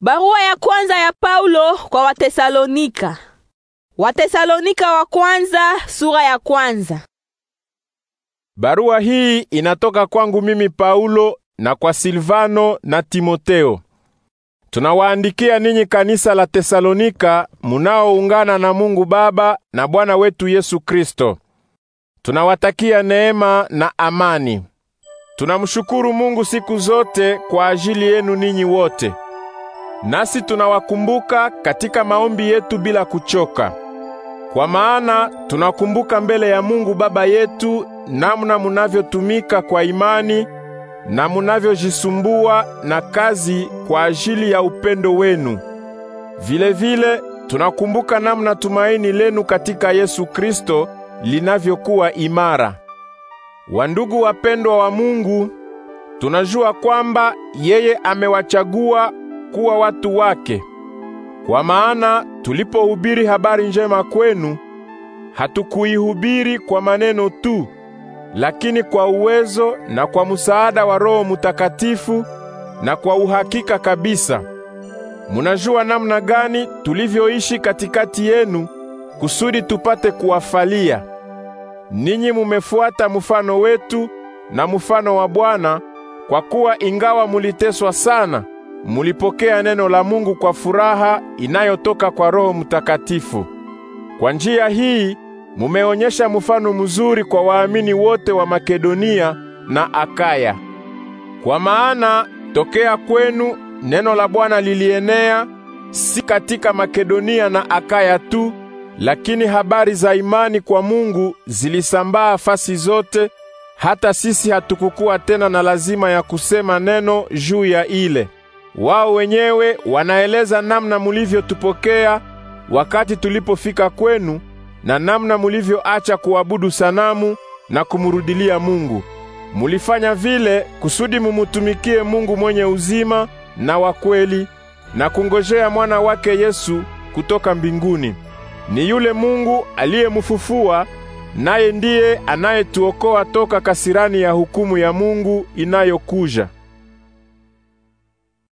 Barua ya kwanza ya Paulo kwa Watesalonika. Watesalonika wa kwanza, sura ya kwanza. Barua hii inatoka kwangu mimi Paulo na kwa Silvano na Timoteo. Tunawaandikia ninyi kanisa la Tesalonika munaoungana na Mungu Baba na Bwana wetu Yesu Kristo. Tunawatakia neema na amani. Tunamshukuru Mungu siku zote kwa ajili yenu ninyi wote nasi tunawakumbuka katika maombi yetu bila kuchoka, kwa maana tunakumbuka mbele ya Mungu Baba yetu namna munavyotumika kwa imani na munavyojisumbua na kazi kwa ajili ya upendo wenu. vile vile tunakumbuka namna tumaini lenu katika Yesu Kristo linavyokuwa imara. Wandugu wapendwa wa Mungu, tunajua kwamba yeye amewachagua kuwa watu wake. Kwa maana tulipohubiri habari njema kwenu, hatukuihubiri kwa maneno tu, lakini kwa uwezo na kwa msaada wa Roho Mutakatifu na kwa uhakika kabisa. Munajua namna gani tulivyoishi katikati yenu kusudi tupate kuwafalia. Ninyi mumefuata mfano wetu na mfano wa Bwana kwa kuwa ingawa muliteswa sana mulipokea neno la Mungu kwa furaha inayotoka kwa Roho Mtakatifu. Kwa njia hii mumeonyesha mfano mzuri kwa waamini wote wa Makedonia na Akaya. Kwa maana tokea kwenu neno la Bwana lilienea si katika Makedonia na Akaya tu, lakini habari za imani kwa Mungu zilisambaa fasi zote, hata sisi hatukukuwa tena na lazima ya kusema neno juu ya ile. Wao wenyewe wanaeleza namna mulivyotupokea wakati tulipofika kwenu na namna mulivyoacha kuabudu sanamu na kumurudilia Mungu. Mulifanya vile kusudi mumutumikie Mungu mwenye uzima na wa kweli na kungojea mwana wake Yesu kutoka mbinguni. Ni yule Mungu aliyemufufua, naye ndiye anayetuokoa toka kasirani ya hukumu ya Mungu inayokuja.